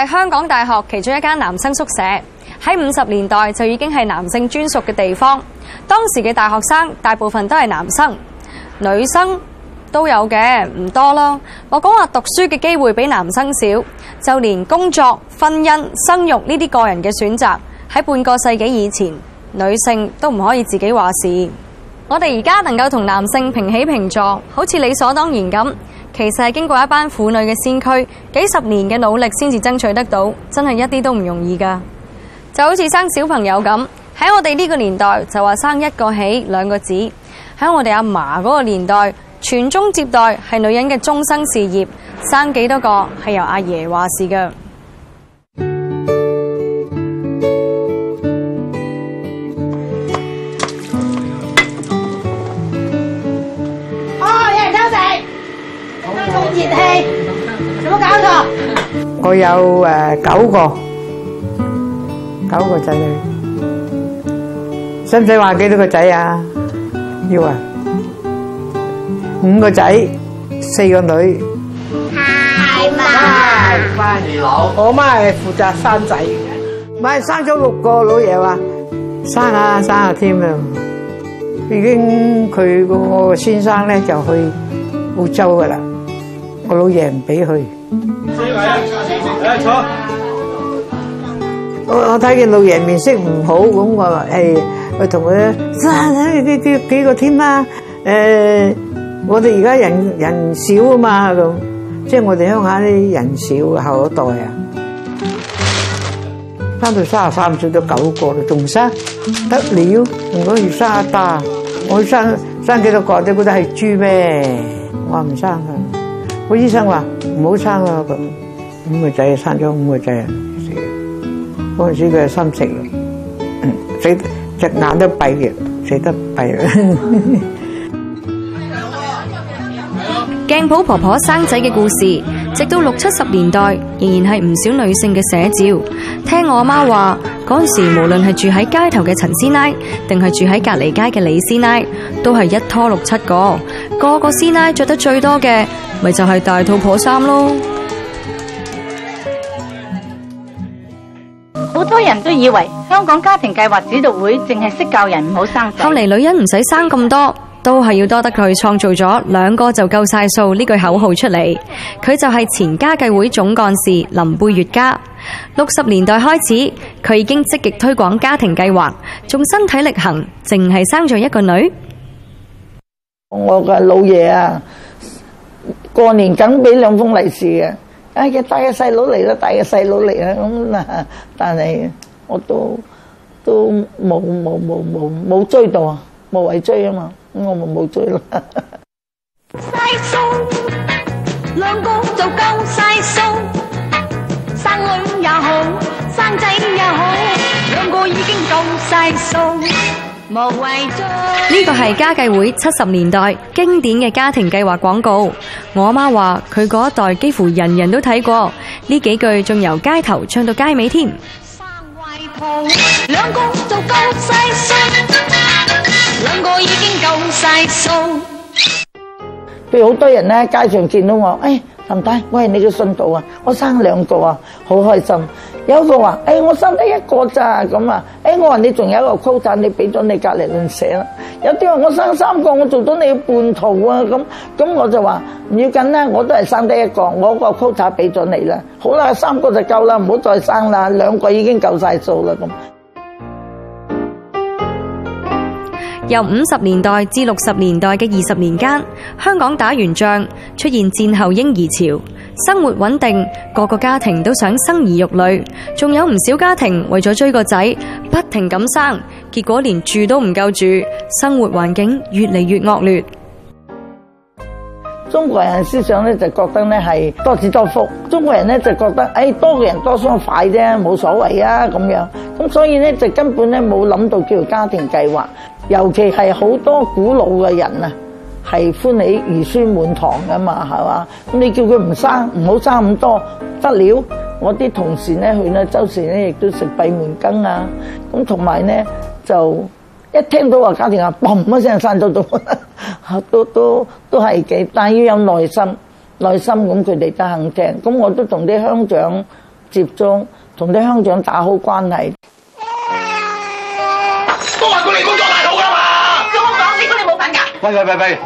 喺香港大學其中一間男生宿舍，喺五十年代就已經係男性專屬嘅地方。當時嘅大學生大部分都係男生，女生都有嘅，唔多咯。我講話讀書嘅機會比男生少，就連工作、婚姻、生育呢啲個人嘅選擇，喺半個世紀以前，女性都唔可以自己話事。我哋而家能夠同男性平起平坐，好似理所當然咁。其實係經過一班婦女嘅先驅，幾十年嘅努力先至爭取得到，真係一啲都唔容易噶。就好似生小朋友咁，喺我哋呢個年代就話生一個起兩個止，喺我哋阿嫲嗰個年代，傳宗接代係女人嘅終生事業，生幾多個係由阿爺話事噶。氣，有冇搞錯？我有誒九個，九個仔女，使唔使話幾多個仔啊？要啊，五個仔，四個女。太慢。快啲老。我媽係負責生仔，咪生咗六個老爺話，生下，生下添啊，已經佢個先生咧就去澳洲噶啦。個老爺唔俾佢。坐，我我睇見老爺面色唔好，咁我誒，我同佢爭下幾幾幾個添啦。誒，我哋而家人人少啊嘛，咁即係我哋鄉下啲人少後一代啊，生到卅三歲都九個啦，仲生，得了，我越生越大，我生生幾多個啲，你估得係豬咩？我話唔生啦。個醫生話，唔好生啦。咁，五個仔生咗五個仔死了，嗰陣時佢係心食咯，死一眼都閉嘅，死得閉啦。鏡譜婆，婆婆生仔嘅故事，直到六七十年代仍然係唔少女性嘅寫照。聽我阿媽話，嗰陣時無論係住喺街頭嘅陳師奶，定係住喺隔籬街嘅李師奶，都係一拖六七個。個個師奶着得最多嘅，咪就係大肚婆衫咯。好多人都以為香港家庭計劃指導會淨係識教人唔好生仔，後嚟女人唔使生咁多，都係要多得佢創造咗兩個就夠晒數呢句口號出嚟。佢就係前家計會總幹事林貝聿嘉。六十年代開始，佢已經積極推廣家庭計劃，仲身體力行，淨係生咗一個女。我嘅老爺啊，過年梗俾兩封利是啊。哎呀帶個細佬嚟啦，帶個細佬嚟啦。咁但係我都都冇冇冇冇冇追到啊，冇謂追啊嘛，咁我咪冇追咯。晒數兩個就夠晒數，生女也好，生仔也好，兩個已經夠晒數。呢個係家計會七十年代經典嘅家庭計劃廣告，我阿媽話佢嗰一代幾乎人人都睇過，呢幾句仲由街頭唱到街尾添。生位抱，兩個就夠晒數，兩個已經夠晒數。譬如好多人呢，街上見到我，誒，林太，喂，你嘅信徒啊，我生兩個啊，好開心。有個話，誒我生得一個咋咁啊？誒我話你仲有一個 quota、欸欸、你俾咗你隔離鄰舍啦。有啲話我生三個，我做咗你半途啊！咁咁我就話唔要緊啦，我都係生得一個，我個 quota 俾咗你啦。好啦，三個就夠啦，唔好再生啦，兩個已經夠曬數啦咁。由五十年代至六十年代嘅二十年間，香港打完仗，出現戰後嬰兒潮，生活穩定，個個家庭都想生兒育女，仲有唔少家庭為咗追個仔，不停咁生，結果連住都唔夠住，生活環境越嚟越惡劣。中國人思想咧就覺得咧係多子多福，中國人咧就覺得誒多個人多雙快啫，冇所謂啊咁樣，咁所以咧就根本咧冇諗到叫做家庭計劃。尤其係好多古老嘅人啊，係歡喜兒孫滿堂噶嘛，係嘛？咁你叫佢唔生，唔好生咁多，得了。我啲同事咧，佢咧周時咧亦都食閉門羹啊。咁同埋咧就一聽到話家庭啊，嘣一聲散到到， 都都都係幾，但要有耐心，耐心咁佢哋得肯正。咁我都同啲鄉長接觸，同啲鄉長打好關係。喂喂喂喂，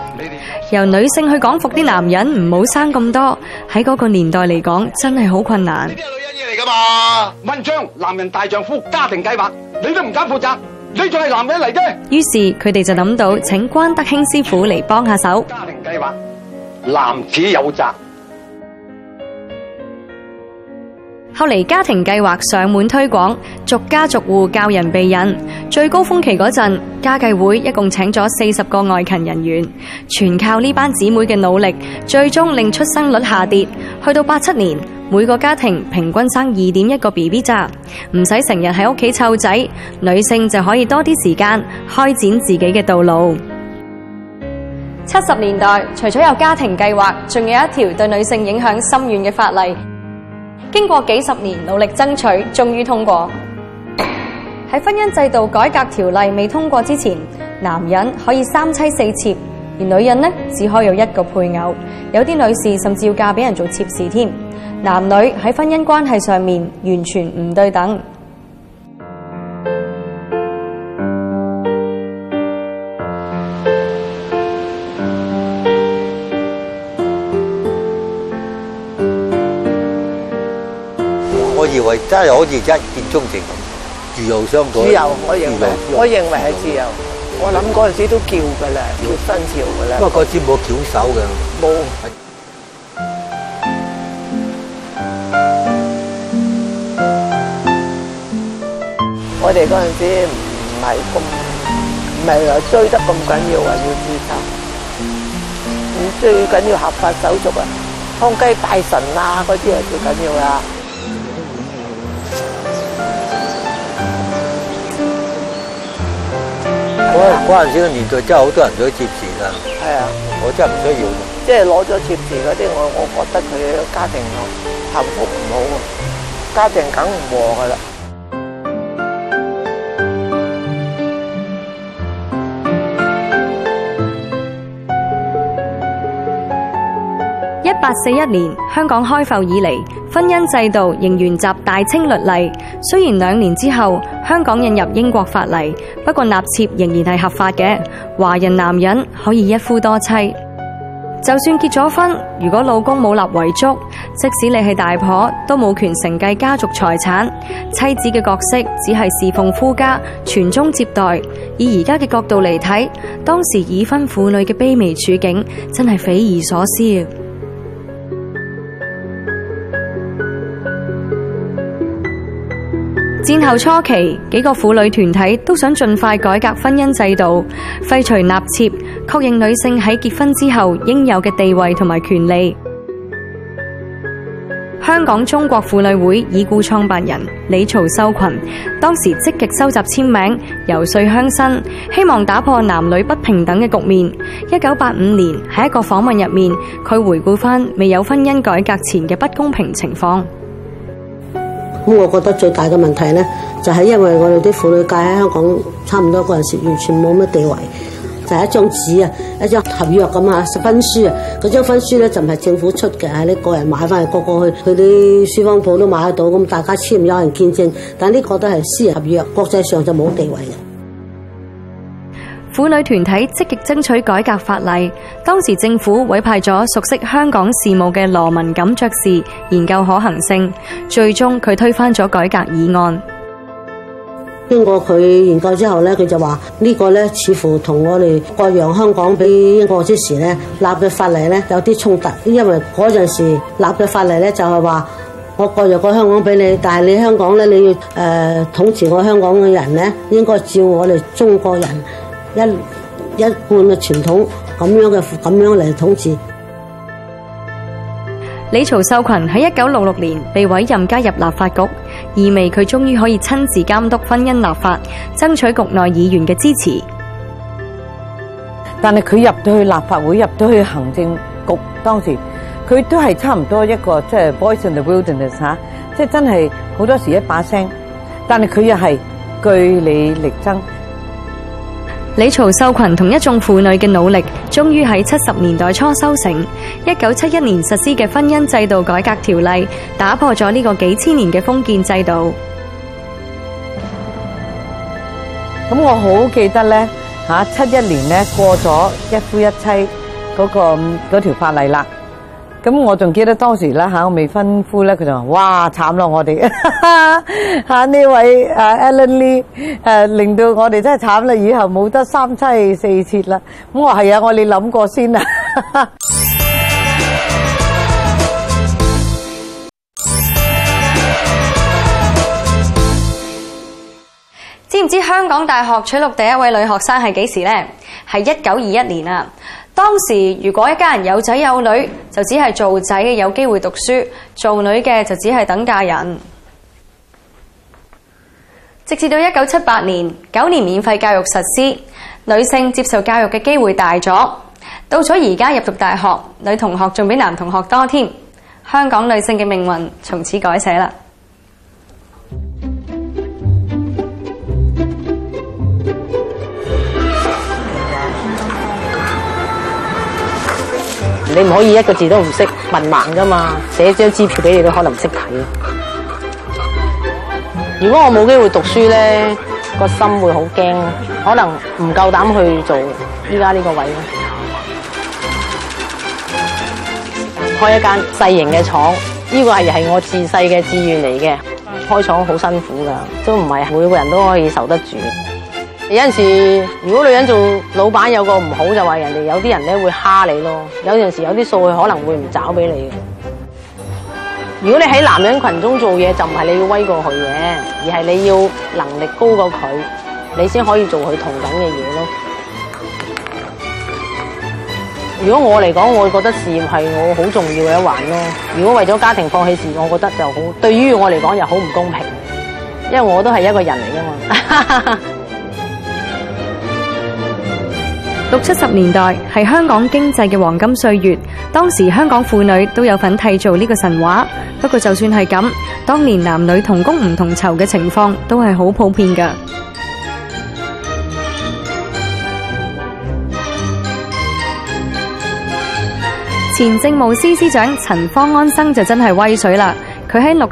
由女性去講服啲男人唔好生咁多，喺嗰個年代嚟講真係好困難。呢啲係女人嘢嚟噶嘛？文章，男人大丈夫，家庭計劃，你都唔敢負責，你仲係男人嚟嘅。於是佢哋就諗到，請關德興師傅嚟幫下手。家庭計劃，男子有責。後嚟，家庭計劃上門推廣，逐家逐戶教人避孕。最高峰期嗰陣，家計會一共請咗四十個外勤人員，全靠呢班姊妹嘅努力，最終令出生率下跌。去到八七年，每個家庭平均生二點一個 B B 咋，唔使成日喺屋企湊仔，女性就可以多啲時間開展自己嘅道路。七十年代，除咗有家庭計劃，仲有一條對女性影響深遠嘅法例。經過幾十年努力爭取，終於通過。喺婚姻制度改革條例未通過之前，男人可以三妻四妾，而女人呢，只可以有一個配偶。有啲女士甚至要嫁俾人做妾侍添。男女喺婚姻關係上面完全唔對等。我以為真係好似一見鍾情，自由相愛。自由，我認為，我認為係自由。我諗嗰陣時都叫㗎喇，叫新潮㗎喇。不過嗰陣時冇巧手嘅。冇。我哋嗰陣時唔係咁，唔係話追得咁緊要啊，要自由。你最緊要合法手續啊，康雞大神啊嗰啲係最緊要啦。嗰嗰陣時嘅年代真係好多人做妾侍啊，係啊，我真係唔需要嘅，即係攞咗妾侍嗰啲，我、啊、我覺得佢家庭幸福唔好啊，家庭梗唔和噶啦。一八四一年，香港開埠以嚟，婚姻制度仍沿襲大清律例，雖然兩年之後香港引入英國法例，不過納妾仍然係合法嘅。華人男人可以一夫多妻，就算結咗婚，如果老公冇立遺囑，即使你係大婆，都冇權承繼家族財產。妻子嘅角色只係侍奉夫家，傳宗接代。以而家嘅角度嚟睇，當時已婚婦女嘅卑微處境真係匪夷所思。戰後初期，幾個婦女團體都想盡快改革婚姻制度，廢除納妾，確認女性喺結婚之後應有嘅地位同埋權利。香港中國婦女會已故創辦人李曹秀群當時積極收集簽名、遊說鄉紳，希望打破男女不平等嘅局面。一九八五年喺一個訪問入面，佢回顧返未有婚姻改革前嘅不公平情況。咁我覺得最大嘅問題咧，就係、是、因為我哋啲婦女界喺香港差唔多嗰陣時，完全冇乜地位，就係、是、一張紙啊，一張合約咁啊，十分書啊，嗰張分書咧就唔係政府出嘅，係你個人買翻嚟，個個去去啲書坊鋪都買得到，咁大家簽，有人見證，但呢個都係私人合約，國際上就冇地位嘅。婦女團體積極爭取改革法例，當時政府委派咗熟悉香港事務嘅羅文錦爵士研究可行性，最終佢推翻咗改革議案。經過佢研究之後咧，佢就話呢個咧，似乎同我哋割讓香港俾英國之時咧，立嘅法例咧有啲衝突，因為嗰陣時立嘅法例咧就係話，我割讓個香港俾你，但係你香港咧，你要誒統治我香港嘅人咧，應該照我哋中國人一一貫嘅傳統咁樣嘅咁樣嚟統治。李曹秀群喺一九六六年被委任加入立法局，意味佢終於可以親自監督婚姻立法，爭取局內議員嘅支持。但係佢入到去立法會，入到去行政局，當時佢都係差唔多一個即係 voice in the wilderness 嚇，即係真係好多時一把聲。但係佢又係據理力爭。李曹秀群同一眾婦女嘅努力，終於喺七十年代初修成。一九七一年實施嘅婚姻制度改革條例，打破咗呢個幾千年嘅封建制度。咁我好記得呢，七一年咧過咗一夫一妻嗰個嗰條法例啦。咁我仲記得當時咧嚇、啊，我未婚夫咧，佢就話：哇，慘咯，我哋嚇呢位啊 Ellen Li，啊令到我哋真係慘啦，以後冇得三妻四妾啦。咁我係啊，我哋諗過先啊。 知唔知香港大學取錄第一位女學生係幾時呢？係一九二一年啊！當時如果一家人有仔有女，就只係做仔嘅有機會讀書，做女嘅就只係等嫁人。直至到一九七八年，九年免費教育實施，女性接受教育嘅機會大咗。到咗而家入讀大學，女同學仲比男同學多添。香港女性嘅命運從此改寫啦。你唔可以一個字都唔識，文盲噶嘛？寫張支票俾你都可能唔識睇。如果我冇機會讀書咧，個心會好驚，可能唔夠膽去做依家呢個位。開一間細型嘅廠，呢個係係我自細嘅志願嚟嘅。開廠好辛苦噶，都唔係每個人都可以受得住。有陣時，如果女人做老闆有個唔好，就話人哋有啲人咧，會蝦你咯。有陣時有啲數會可能會唔找俾你嘅。如果你喺男人群中做嘢，就唔係你要威過佢嘅，而係你要能力高過佢，你先可以做佢同等嘅嘢咯。如果我嚟講我覺得事業係我好重要嘅一環咯。如果為咗家庭放棄事業，我覺得就好，對於我嚟講又好唔公平，因為我都係一個人嚟噶嘛。 六七十年代，是香港經濟的黃金歲月，當時香港婦女都有份締造這個神話，不過就算是這樣，當年男女同工不同酬的情況都是很普遍的。前政務司司長陳方安生就真的威水啦，他在60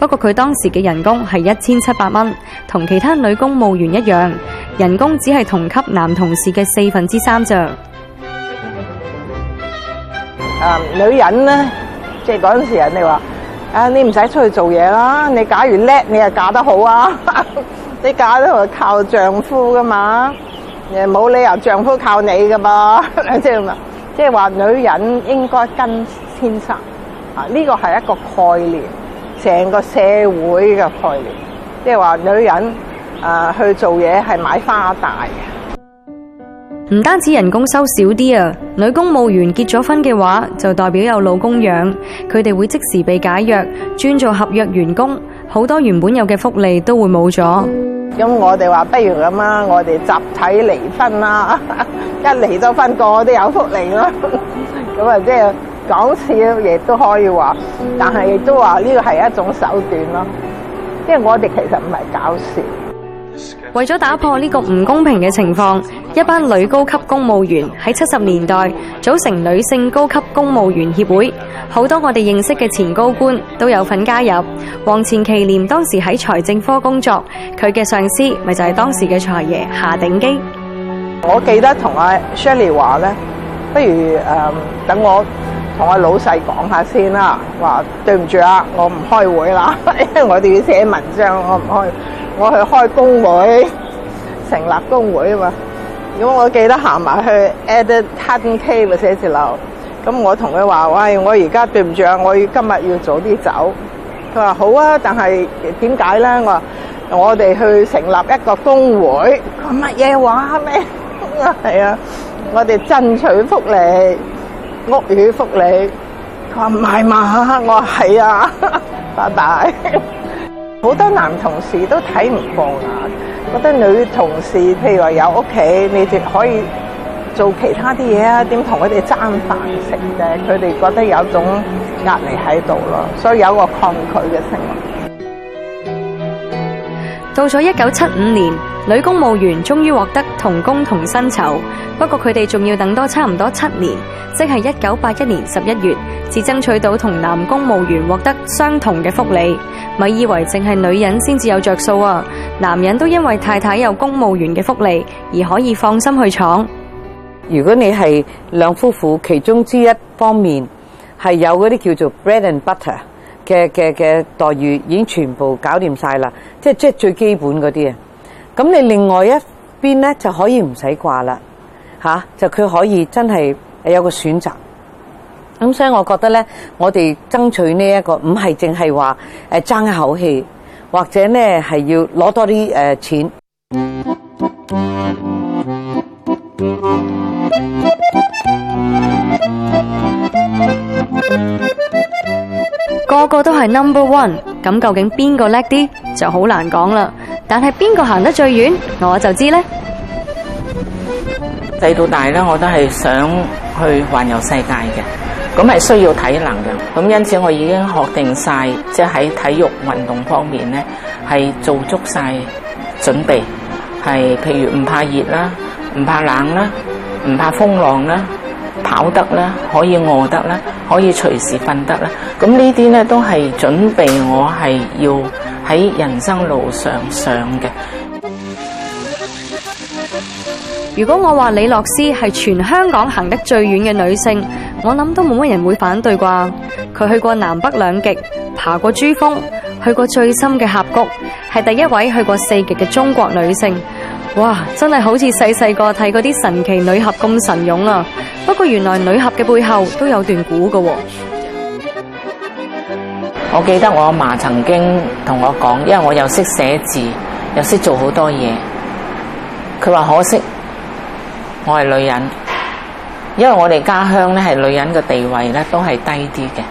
不過佢當時嘅人工係一千七百蚊，同其他女公務員一樣，人工只係同級男同事嘅四分之三啫。啊，女人咧，即係嗰陣時人哋話：啊，你唔使出去做嘢啦，你假如叻，你又嫁得好啊，你嫁都係靠丈夫噶嘛，誒，冇理由丈夫靠你噶嘛，即係即係話女人應該跟先生啊，呢個係一個概念。成個社會嘅概念，即係話女人啊、呃、去做嘢係買花大，唔單止人工收少啲啊。女公務員結咗婚嘅話，就代表有老公養，佢哋會即時被解約，專做合約員工，好多原本有嘅福利都會冇咗。咁我哋話不如咁啊，我哋集體離婚啦，一離咗婚，個個都有福利囉。咁 啊、就是，即係。搞笑嘢都可以話，但係亦都話呢個係一種手段咯。因為我哋其實唔係搞笑。為咗打破呢個唔公平嘅情況，一班女高級公務員喺七十年代組成女性高級公務員協會，好多我哋認識嘅前高官都有份加入。黃錢其濂當時喺財政科工作，佢嘅上司咪就係當時嘅財爺夏鼎基。我記得同阿 Shirley 話咧，不如，嗯，等我。同我老細講下先啦，話對唔住啊，我唔開會喇，因為我哋要寫文章，我唔開，我去開工會，成立工會吖嘛，咁我記得行埋去 edit Titan Cave 嘅寫字樓，咁我同佢話，喂，我而家對唔住啊，我今日要早啲走，佢話，屋宇福利，佢話唔係嘛，我話係啊， 拜拜。好多男同事都睇唔過啊，覺得女同事譬如話有屋企，你哋可以做其他啲嘢啊，點同佢哋爭飯食嘅？佢哋覺得有一種壓力喺度咯，所以有個抗拒嘅成分。到咗一九七五年，女公務員終於獲得。同工同薪酬，不過佢哋仲要等多差唔多七年，即係一九八一年十一月，至爭取到同男公務員獲得相同嘅福利。咪以為淨係女人先至有着數啊？男人都因為太太有公務員嘅福利而可以放心去闖。如果你係兩夫婦其中之一方面係有嗰啲叫做 bread and butter 嘅嘅嘅待遇，已經全部搞掂晒啦，即係即係最基本嗰啲啊。咁你另外一邊咧就可以唔使掛啦，嚇！就佢可以真係有個選擇。咁所以我覺得咧，我哋爭取呢一個唔係淨係話誒爭一口氣，或者咧係要攞多啲誒錢。個個都係 number one，咁究竟邊個叻啲就好難講啦。但係邊個行得最遠，我就知咧。細到大咧，我都係想去環遊世界嘅。咁係需要體能嘅，咁因此我已經學定晒，即係喺體育運動方面咧係做足晒準備。係譬如唔怕熱啦，唔怕冷啦，唔怕風浪啦，跑得啦，可以餓得啦，可以隨時瞓得啦。咁呢啲咧都係準備，我係要。喺人生路上上嘅。如果我話李樂詩係全香港行得最遠嘅女性，我諗都冇乜人會反對啩。佢去過南北兩極，爬過珠峰，去過最深嘅峽谷，係第一位去過四極嘅中國女性。哇，真係好似細細個睇嗰啲神奇女俠咁神勇啊！不過原來女俠嘅背後都有段古㗎。我記得我阿媽曾經同我講，因為我又識寫字，又識做好多嘢。佢話可惜我係女人，因為我哋家鄉咧係女人嘅地位咧都係低啲嘅。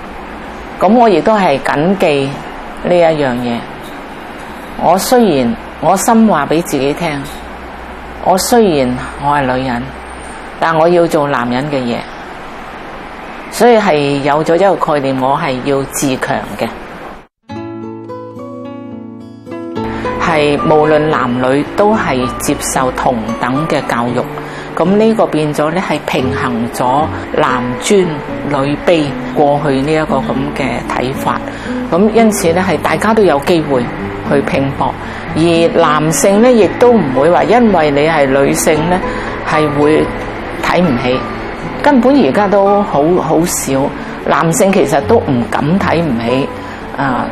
咁我亦都係謹記呢一樣嘢。我雖然我心話俾自己聽，我雖然我係女人，但我要做男人嘅嘢。所以係有咗一個概念，我係要自強嘅，係無論男女都係接受同等嘅教育，咁呢個變咗咧係平衡咗男尊女卑過去呢一個咁嘅睇法，咁因此咧係大家都有機會去拼搏，而男性咧亦都唔會話因為你係女性咧係會睇唔起。根本而家都好好少，男性其實都唔敢睇唔起啊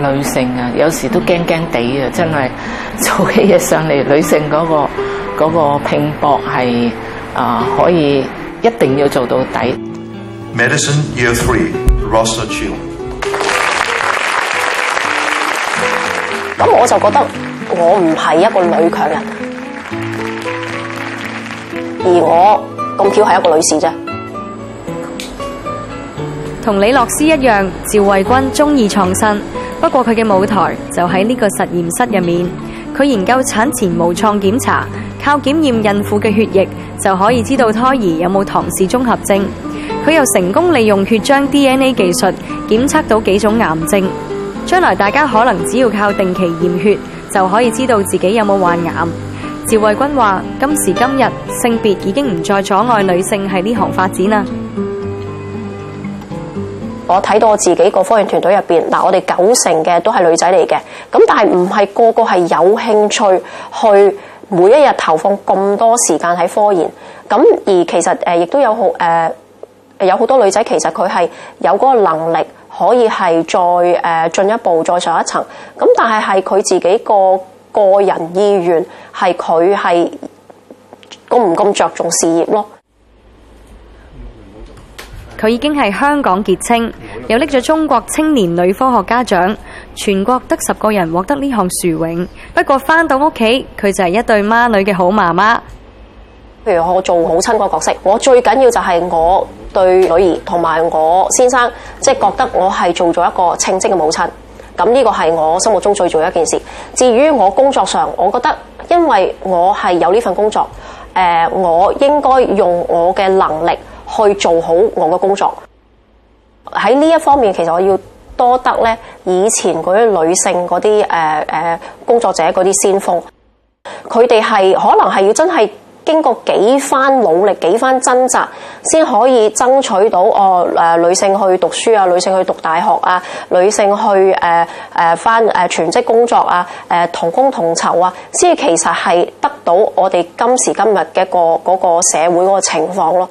女性啊，有時都驚驚地啊，真係做起嘢上嚟，女性嗰個嗰個拼搏係啊可以一定要做到底。Medicine Year Three Roscil，咁我就覺得我唔係一個女強人，而我。咁巧係一個女士啫，同李洛斯一樣，趙慧君中意創新。不過佢嘅舞台就喺呢個實驗室入面。佢研究產前無創檢查，靠檢驗孕婦嘅血液就可以知道胎兒有冇唐氏綜合症。佢又成功利用血漿 DNA 技術檢測到幾種癌症。將來大家可能只要靠定期驗血就可以知道自己有冇患癌。姚衛君話：今時今日，性別已經唔再阻礙女性喺呢行發展啦。我睇到我自己個科研團隊入邊，嗱，我哋九成嘅都係女仔嚟嘅。咁但係唔係個個係有興趣去每一日投放咁多時間喺科研。咁而其實誒，亦都有好誒，有好多女仔其實佢係有嗰個能力可以係再誒進一步再上一層。咁但係係佢自己個。個人意願係佢係咁唔咁着重事業咯。佢已經係香港傑青，又拎咗中國青年女科學家獎，全國得十個人獲得呢項殊榮。不過翻到屋企，佢就係一對孖女嘅好媽媽。譬如我做母親嗰個角色，我最緊要就係我對女兒同埋我先生，即係覺得我係做咗一個稱職嘅母親。咁、這、呢個係我心目中最重要一件事。至於我工作上，我覺得因為我係有呢份工作，呃、我應該用我嘅能力去做好我嘅工作。喺呢一方面，其實我要多得呢以前嗰啲女性嗰啲、呃呃、工作者嗰啲先鋒，佢哋係可能係要真係。經過幾番努力，幾番掙扎，先可以爭取到哦誒、呃，女性去讀書啊，女性去讀大學啊，女性去誒誒返誒全職工作啊，誒、呃、同工同酬啊，先至其實係得到我哋今時今日嘅個、嗰個社會個情況咯。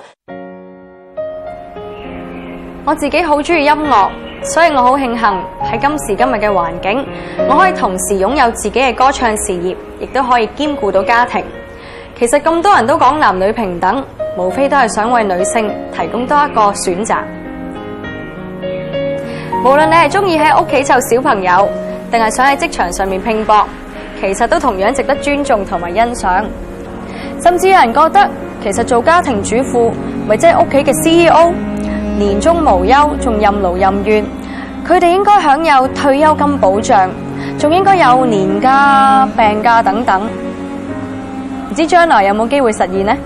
我自己好中意音樂，所以我好慶幸喺今時今日嘅環境，我可以同時擁有自己嘅歌唱事業，亦都可以兼顧到家庭。其實咁多人都講男女平等，無非都係想為女性提供多一個選擇。無論你係中意喺屋企湊小朋友，定係想喺職場上面拼搏，其實都同樣值得尊重同埋欣賞。甚至有人覺得，其實做家庭主婦咪即係屋企嘅 CEO，年終無休，仲任勞任怨，佢哋應該享有退休金保障，仲應該有年假、病假等等。唔知將來有冇機會實現呢？